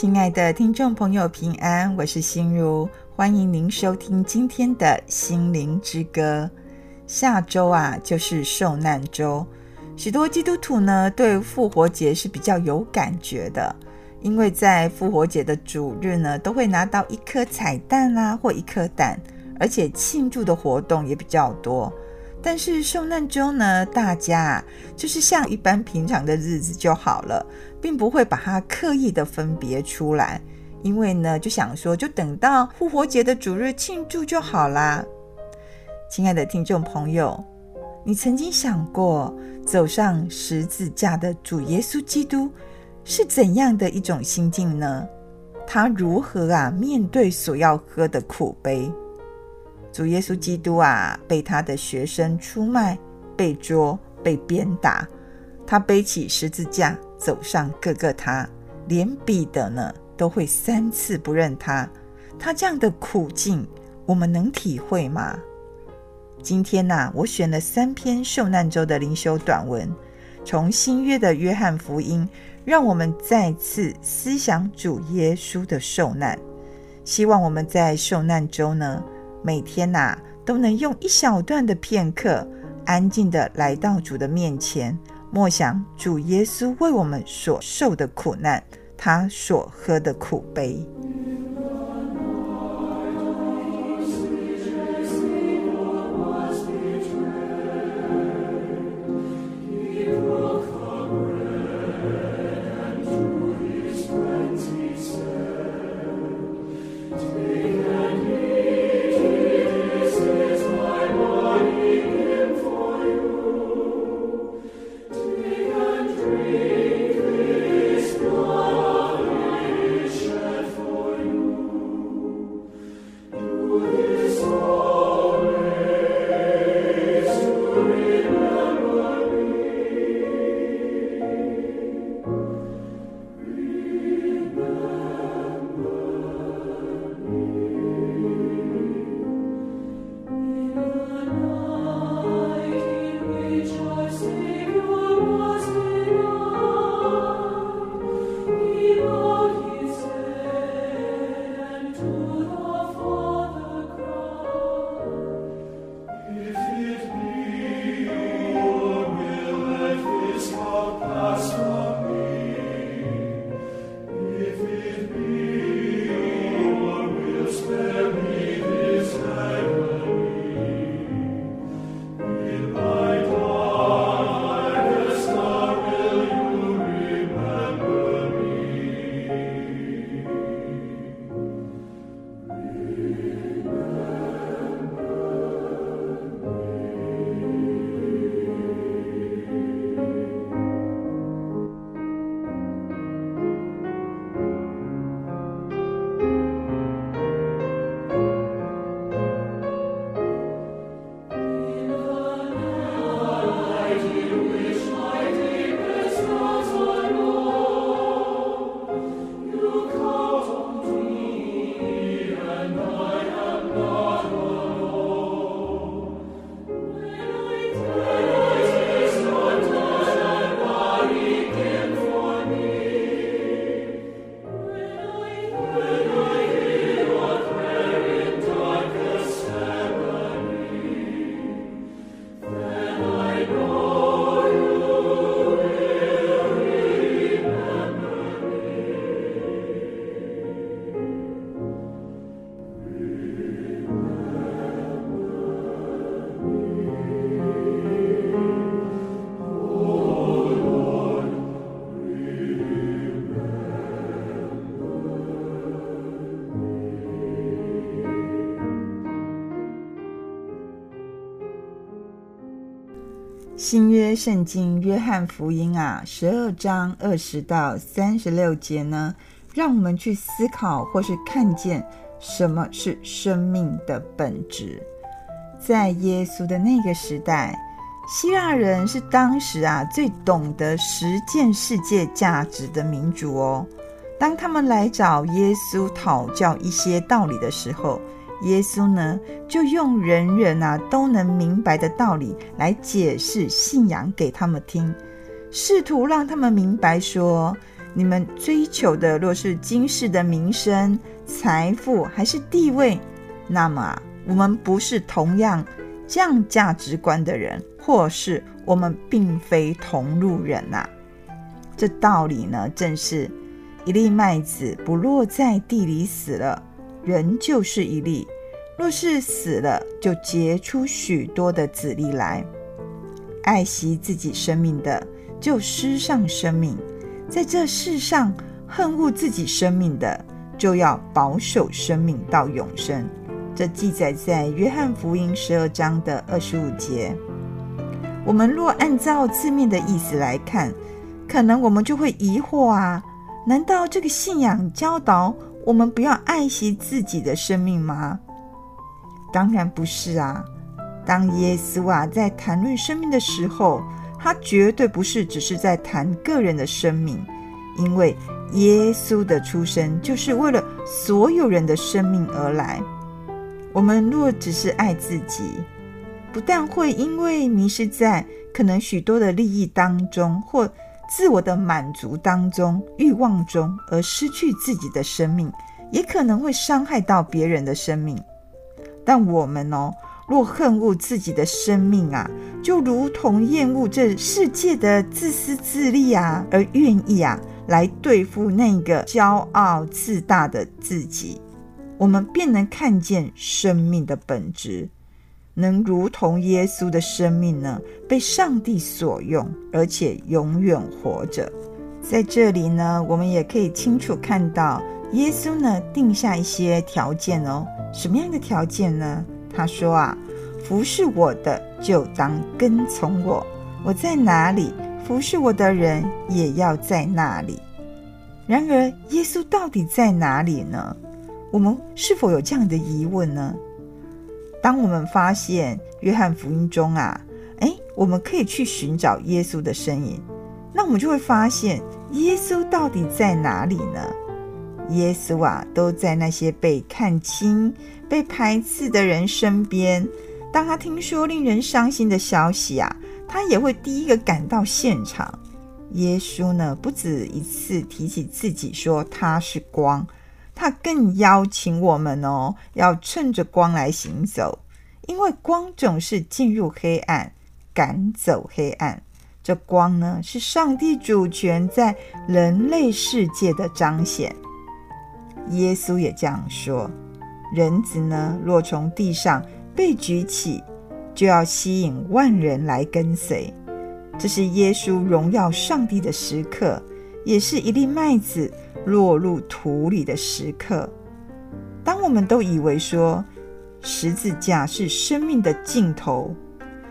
親愛的聽眾朋友，平安，我是心如，歡迎您收聽今天的心靈之歌。下週啊，就是受難週，許多基督徒呢對復活節是比較有感覺的，因為在復活節的主日呢，都會拿到一顆彩蛋啦、啊，或一顆蛋，而且慶祝的活動也比較多。但是受難週呢，大家就是像一般平常的日子就好了，並不會把它刻意的分別出來，因為呢，就想說，就等到復活節的主日慶祝就好啦。親愛的聽眾朋友，你曾經想過，走上十字架的主耶穌基督是怎樣的一種心境呢？他如何啊面對所要喝的苦杯？主耶穌基督啊，被他的學生出賣，被捉，被鞭打。他背起十字架，走上各各他。連彼得呢，都會三次不認他。他這樣的苦境，我們能體會嗎？今天吶、啊，我選了三篇受難週的靈修短文，從新約的約翰福音，讓我們再次思想主耶穌的受難。希望我們在受難週呢。每天吶、啊，都能用一小段的片刻，安靜地來到主的面前，默想主耶穌為我們所受的苦難，他所喝的苦杯。在聖經約翰福音啊，十二章二十到三十六節呢，讓我們去思考或是看見什麼是生命的本質。在耶穌的那個時代，希臘人是當時啊最懂得實踐世界價值的民族哦。當他們來找耶穌討教一些道理的時候，耶穌呢，就用人人啊都能明白的道理來解釋信仰給他們聽，試圖讓他們明白說：你們追求的若是今世的名聲、財富還是地位，那麼啊，我們不是同樣這樣價值觀的人，或是我們並非同路人吶、啊。這道理呢，正是一粒麥子不落在地裡死了。人就是一粒，若是死了，就結出許多的子粒來。愛惜自己生命的，就失喪生命；在這世上恨惡自己生命的，就要保守生命到永生。這記載在約翰福音十二章的二十五節。我們若按照字面的意思來看，可能我們就會疑惑啊，難道這個信仰教導？我們不要愛惜自己的生命嗎？當然不是啊！當耶穌啊在談論生命的時候，他絕對不是只是在談個人的生命，因為耶穌的出生就是為了所有人的生命而來。我們若只是愛自己，不但會因為迷失在可能許多的利益當中，或……自我的滿足當中、慾望中而失去自己的生命，也可能會傷害到別人的生命。但我們哦，若恨惡自己的生命啊，就如同厭惡這世界的自私自利啊，而願意啊，來對付那個驕傲自大的自己，我們便能看見生命的本質。能如同耶穌的生命呢，被上帝所用，而且永遠活着。在這裡呢，我們也可以清楚看到，耶穌呢定下一些條件哦。什麼樣的條件呢？他說啊，服侍我的就當跟從我，我在哪裡，服侍我的人也要在那裡。然而，耶穌到底在哪裡呢？我們是否有這樣的疑問呢？當我們發現約翰福音中啊，哎，我們可以去尋找耶穌的身影，那我們就會發現耶穌到底在哪裡呢？耶穌啊，都在那些被看輕、被排斥的人身邊。當他聽說令人傷心的消息啊，他也會第一個趕到現場。耶穌呢，不止一次提起自己，說他是光。他更邀請我們哦，要趁着光來行走，因為光總是進入黑暗，趕走黑暗。這光呢，是上帝主權在人類世界的彰顯。耶穌也這樣說：人子呢，若從地上被舉起，就要吸引萬人來跟隨。這是耶穌榮耀上帝的時刻，也是一粒麥子。落入土裡的時刻，當我們都以為說十字架是生命的盡頭，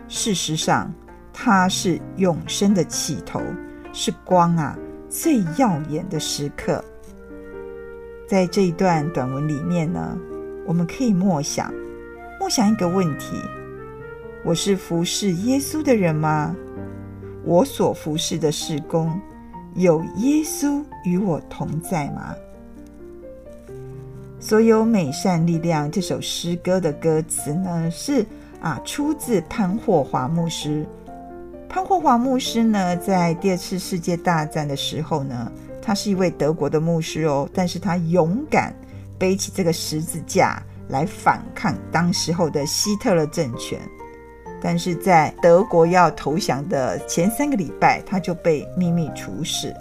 事實上它是永生的起頭，是光啊最耀眼的時刻。在這一段短文裡面呢，我們可以默想，默想一個問題：我是服侍耶穌的人嗎？我所服侍的事工。有耶穌與我同在嗎？所有美善力量這首詩歌的歌詞呢，是啊，出自潘霍華牧師。潘霍華牧師呢，在第二次世界大戰的時候呢，他是一位德國的牧師哦，但是他勇敢背起這個十字架來反抗當時候的希特勒政權。但是在德國要投降的前三個禮拜，他就被秘密處死。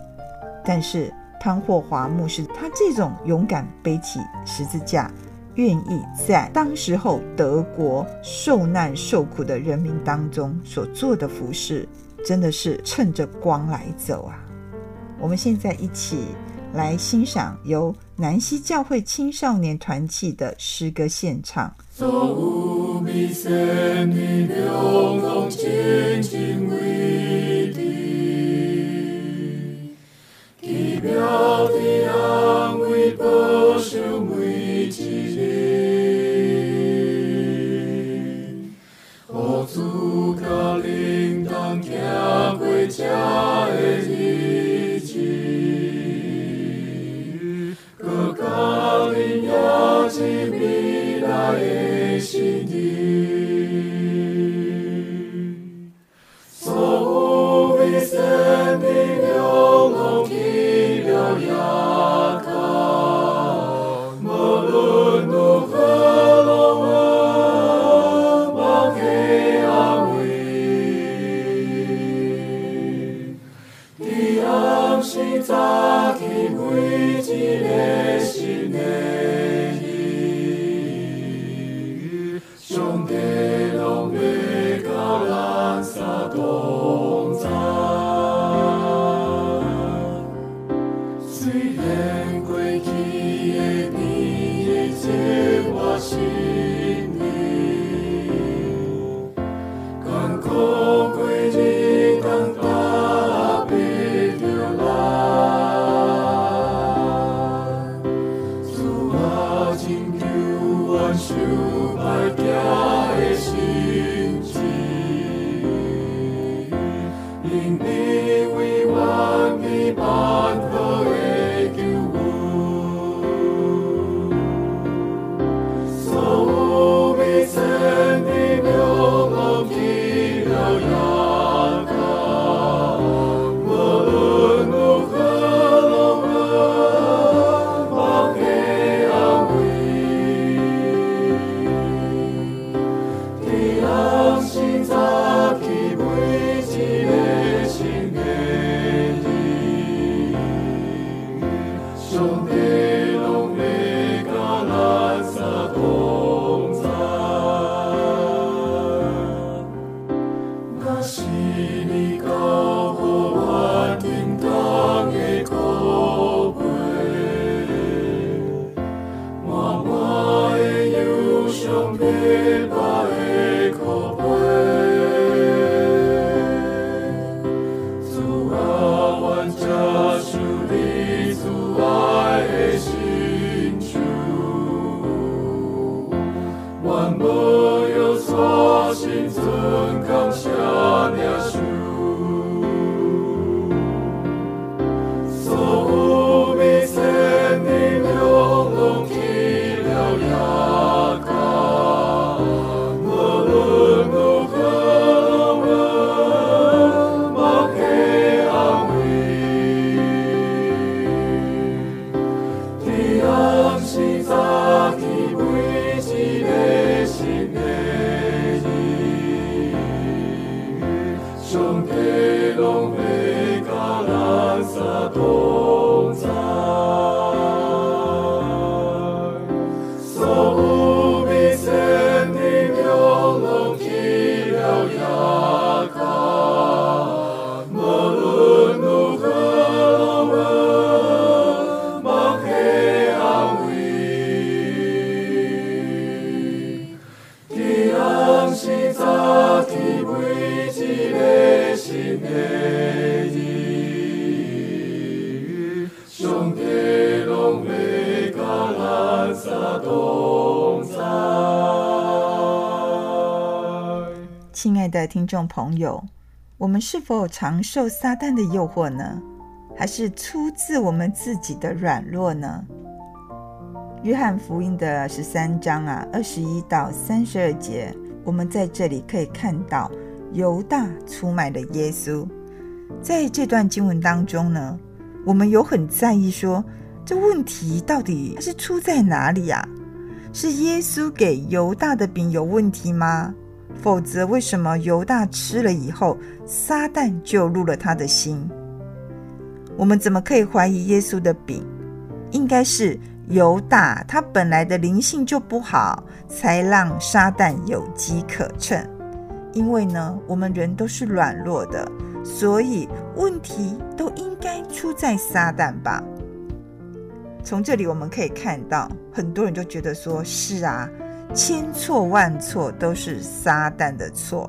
但是潘霍華牧師，他這種勇敢背起十字架，願意在當時候德國受難受苦的人民當中所做的服事，真的是趁着光來走啊！我們現在一起來欣賞由。南西教會青少年團契的詩歌現場。是昨天每一個新的日，上帝仍為阿拉撒動心。親愛的聽眾朋友，我們是否常受撒旦的誘惑呢？還是出自我們自己的軟弱呢？約翰福音的十三章啊，二十一到三十二節。我們在這裡可以看到，猶大出賣了耶穌。在這段經文當中呢，我們有很在意說，這問題到底它是出在哪裡呀、啊？是耶穌給猶大的餅有問題嗎？否則為什麼猶大吃了以後，撒旦就入了他的心？我們怎麼可以懷疑耶穌的餅？應該是猶大他本來的靈性就不好。才讓撒旦有機可乘，因為呢，我們人都是軟弱的，所以問題都應該出在撒旦吧？從這裡我們可以看到，很多人就覺得說：是啊，千錯萬錯都是撒旦的錯，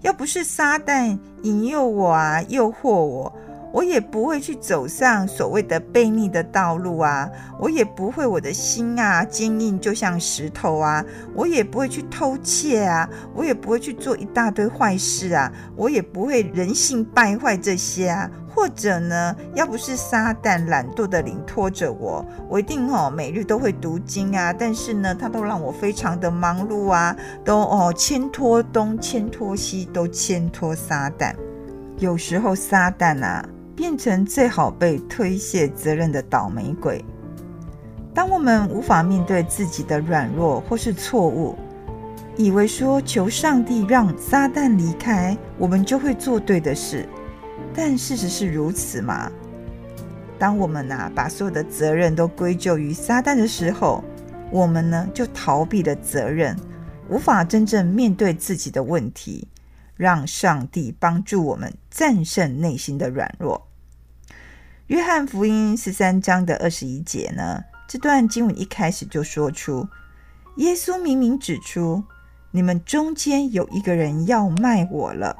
要不是撒旦引誘我啊，誘惑我。我也不會去走上所謂的悖逆的道路啊！我也不會我的心啊堅硬就像石頭啊！我也不會去偷竊啊！我也不會去做一大堆壞事啊！我也不會人性敗壞這些啊！或者呢，要不是撒旦懶惰的靈拖着我，我一定哦每日都會讀經啊！但是呢，他都讓我非常的忙碌啊！都哦牽拖東牽拖西，都牽拖撒旦。有時候撒旦啊。變成最好被推卸責任的倒霉鬼。當我們無法面對自己的軟弱或是錯誤，以為說求上帝讓撒旦離開，我們就會做對的事，但事實是如此嗎？當我們、啊、把所有的責任都歸咎於撒旦的時候，我們呢就逃避了責任，無法真正面對自己的問題，讓上帝幫助我們戰勝內心的軟弱。約翰福音十三章的二十一節呢，這段經文一開始就說出，耶穌明明指出你們中間有一個人要賣我了。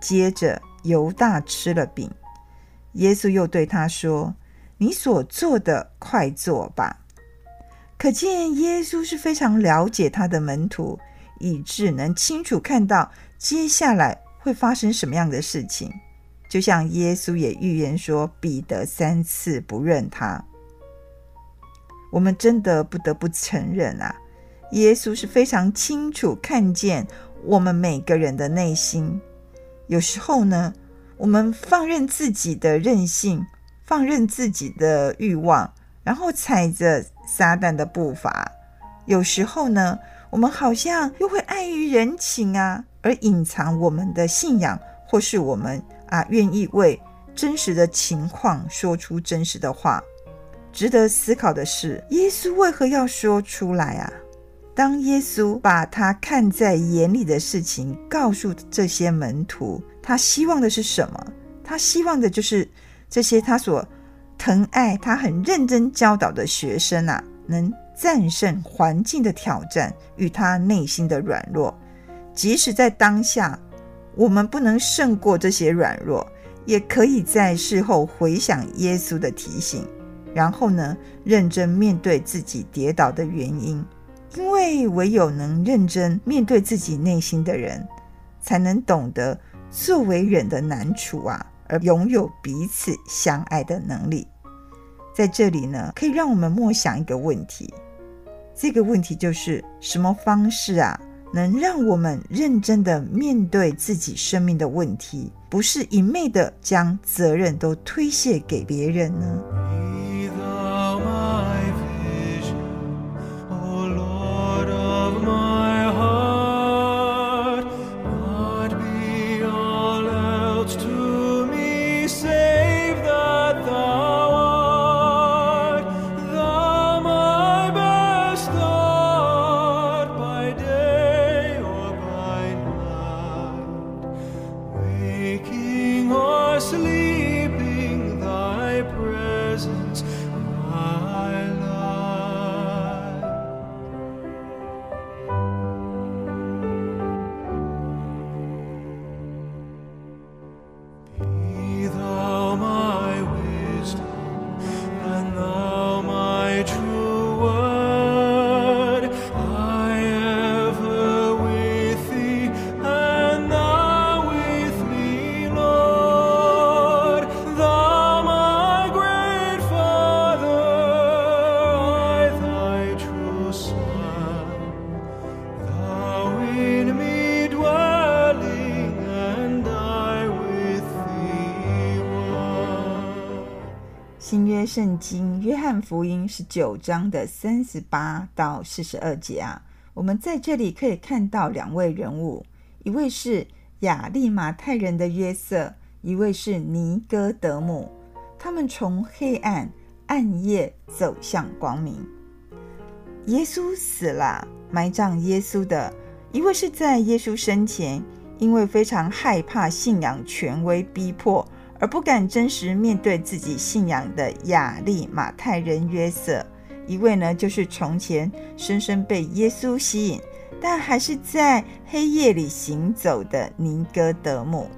接着猶大吃了餅，耶穌又對他說：“你所做的，快做吧。”可見耶穌是非常了解他的門徒，以致能清楚看到接下來會發生什麼樣的事情。就像耶穌也預言說，彼得三次不認他。我們真的不得不承認啊，耶穌是非常清楚看見我們每個人的內心。有時候呢，我們放任自己的任性，放任自己的慾望，然後踩着撒旦的步伐；有時候呢，我們好像又會礙於人情啊，而隱藏我們的信仰，或是我們。啊，願意為真實的情況說出真實的話，值得思考的是，耶穌為何要說出來啊？當耶穌把他看在眼裡的事情告訴這些門徒，他希望的是什麼？他希望的就是這些他所疼愛、他很認真教導的學生啊，能戰勝環境的挑戰與他內心的軟弱，即使在當下。我們不能勝過這些軟弱，也可以在事後回想耶穌的提醒，然後呢，認真面對自己跌倒的原因。因為唯有能認真面對自己內心的人，才能懂得作為人的難處啊，而擁有彼此相愛的能力。在這裡呢，可以讓我們默想一個問題。這個問題就是什麼方式啊？能讓我們認真的面對自己生命的問題，不是一昧的將責任都推卸給別人呢？聖經約翰福音十九章的三十八到四十二節啊，我們在這裡可以看到兩位人物，一位是亞利馬太人的約瑟，一位是尼哥底母。他們從黑暗暗夜走向光明。耶穌死了，埋葬耶穌的，一位是在耶穌生前，因為非常害怕信仰權威逼迫。而不敢真實面對自己信仰的亞利馬太人約瑟，一位呢就是從前深深被耶穌吸引，但還是在黑夜裡行走的尼哥德慕。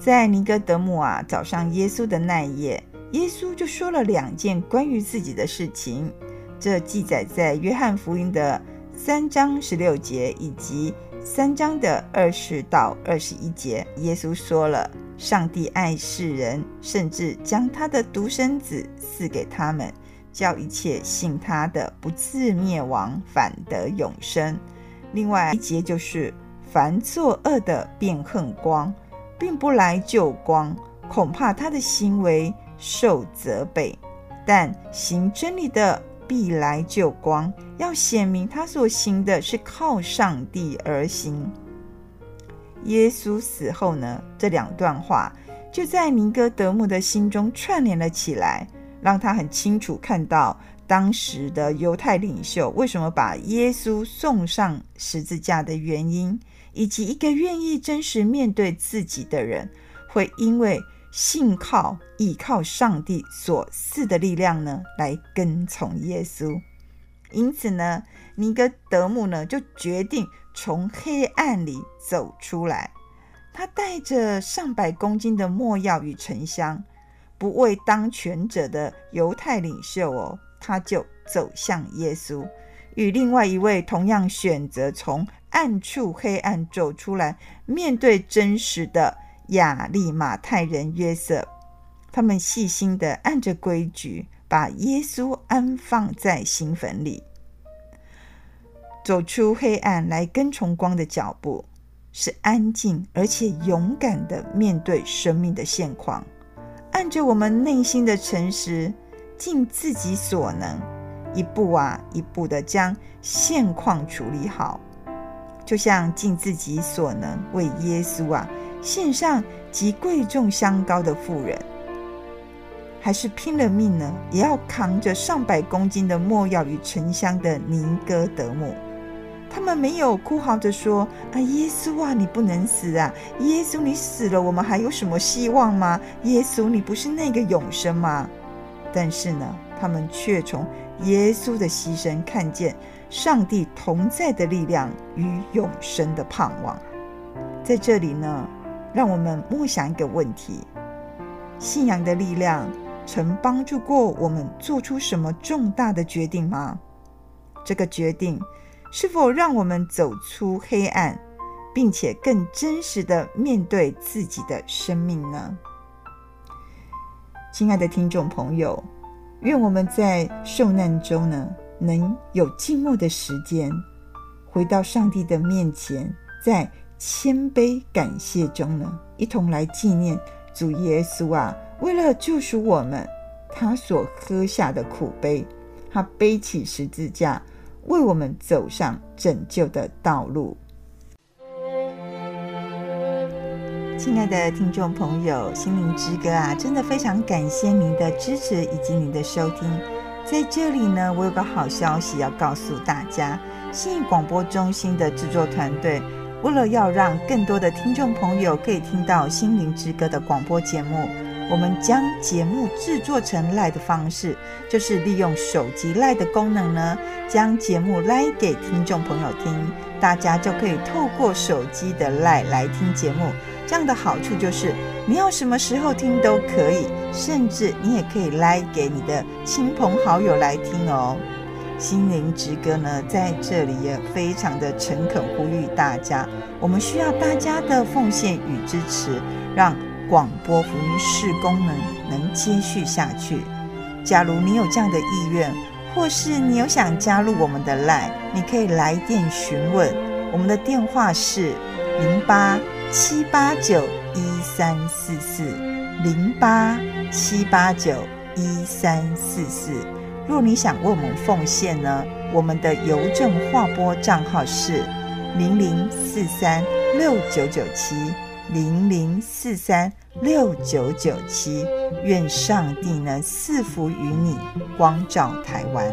在尼哥德慕啊找上耶穌的那一夜，耶穌就說了兩件關於自己的事情，這記載在約翰福音的三章十六節以及。三章的二十到二十一節，耶穌說了：“上帝愛世人，甚至將他的獨生子賜給他們，叫一切信他的不至滅亡，反得永生。”另外一節就是：“凡作惡的便恨光，並不來就光，恐怕他的行為受責備；但行真理的。”必來就光，要顯明他所行的是靠上帝而行。耶穌死後呢？這兩段話就在尼哥底母的心中串聯了起來，讓他很清楚看到當時的猶太領袖為什麼把耶穌送上十字架的原因，以及一個願意真實面對自己的人會因為。信靠倚靠上帝所賜的力量呢，來跟從耶穌。因此呢，尼哥底母呢就決定從黑暗裡走出來。他帶着上百公斤的沒藥與沉香，不畏當權者的猶太領袖哦，他就走向耶穌，與另外一位同樣選擇從暗處黑暗走出來，面對真實的。亞利馬太人約瑟，他們細心的按着規矩，把耶穌安放在新墳裡。走出黑暗來，跟從光的腳步，是安靜而且勇敢的面對生命的現況。按着我們內心的誠實，盡自己所能，一步啊一步的將現況處理好，就像盡自己所能為耶穌啊。獻上極貴重香膏的婦人，還是拼了命呢，也要扛着上百公斤的沒藥與沉香的尼哥德慕。他們沒有哭嚎着說：“啊，耶穌啊，你不能死啊！耶穌，你死了，我們還有什麼希望嗎？耶穌，你不是那個永生嗎？”但是呢，他們卻從耶穌的犧牲看見上帝同在的力量與永生的盼望。在這裡呢。讓我們默想一個問題：信仰的力量曾幫助過我們做出什麼重大的決定嗎？這個決定是否讓我們走出黑暗，並且更真實地面對自己的生命呢？親愛的聽眾朋友，願我們在受難週呢，能有靜默的時間，回到上帝的面前，在。謙卑感謝中呢，一同來紀念主耶穌啊，為了救贖我們，他所喝下的苦杯，他背起十字架為我們走上拯救的道路。親愛的聽眾朋友，心靈之歌啊，真的非常感謝您的支持以及您的收聽。在這裡呢，我有個好消息要告訴大家，信義廣播中心的製作團隊。為了要讓更多的聽眾朋友可以聽到《心靈之歌》的廣播節目，我們將節目製作成 LINE 的方式，就是利用手機 LINE 的功能呢，將節目 LINE 給聽眾朋友聽。大家就可以透過手機的 LINE 來聽節目。這樣的好處就是，你要什麼時候聽都可以，甚至你也可以 LINE 給你的親朋好友來聽哦。心靈之歌呢，在這裡也非常的誠懇呼籲大家，我們需要大家的奉獻與支持，讓廣播福音室功能能繼續下去。假如你有這樣的意願，或是你有想加入我們的 LINE，你可以來電詢問。我們的電話是零八七八九一三四四零八七八九一三四四。若你想為我們奉獻呢，我們的郵政劃撥賬號是零零四三六九九七零零四三六九九七。願上帝呢賜福於你，光照台灣。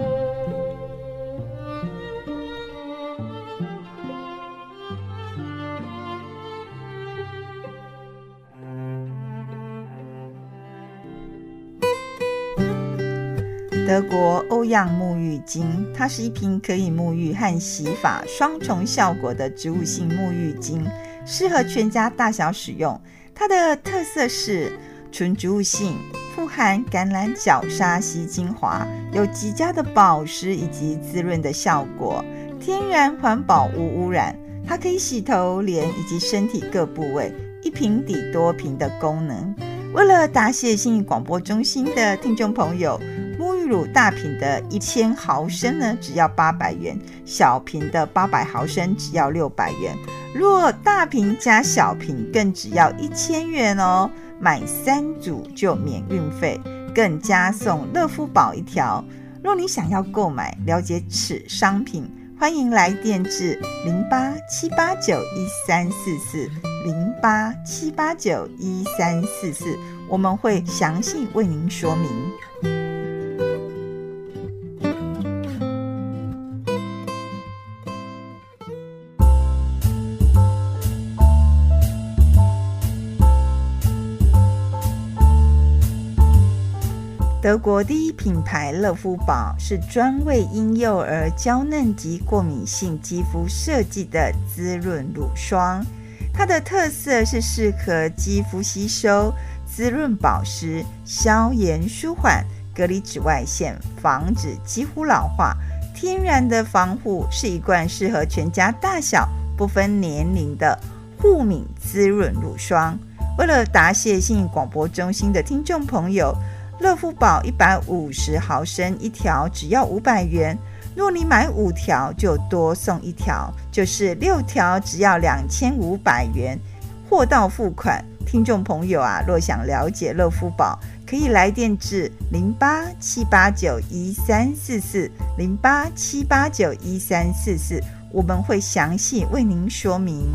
德國歐漾沐浴精，它是一瓶可以沐浴和洗髮雙重效果的植物性沐浴精，適合全家大小使用。它的特色是純植物性，富含橄欖角鯊烯精華，有極佳的保濕以及滋潤的效果。天然環保，無污染。它可以洗頭、臉以及身體各部位，一瓶抵多瓶的功能。為了答謝信義廣播中心的聽眾朋友。乳大瓶的一千毫升呢，只要八百元；小瓶的八百毫升只要六百元。若大瓶加小瓶，更只要一千元哦！買三組就免運費，更加送樂膚寶一條。若你想要購買，了解此商品，歡迎來電至零八七八九一三四四，零八七八九一三四四，我們會詳細為您說明。德國第一品牌樂膚寶是專為嬰幼兒嬌嫩及過敏性肌膚設計的滋潤乳霜。它的特色是適合肌膚吸收、滋潤保濕、消炎舒緩、隔離紫外線、防止肌膚老化。天然的防護是一罐適合全家大小、不分年齡的護敏滋潤乳霜。為了答謝新影廣播中心的聽眾朋友。樂膚寶一百五十毫升一條，只要五百元。若你買五條，就多送一條，就是六條只要兩千五百元，貨到付款。聽眾朋友啊，若想了解樂膚寶，可以來電至零八七八九一三四四零八七八九一三四四，44, 44, 我們會詳細為您說明。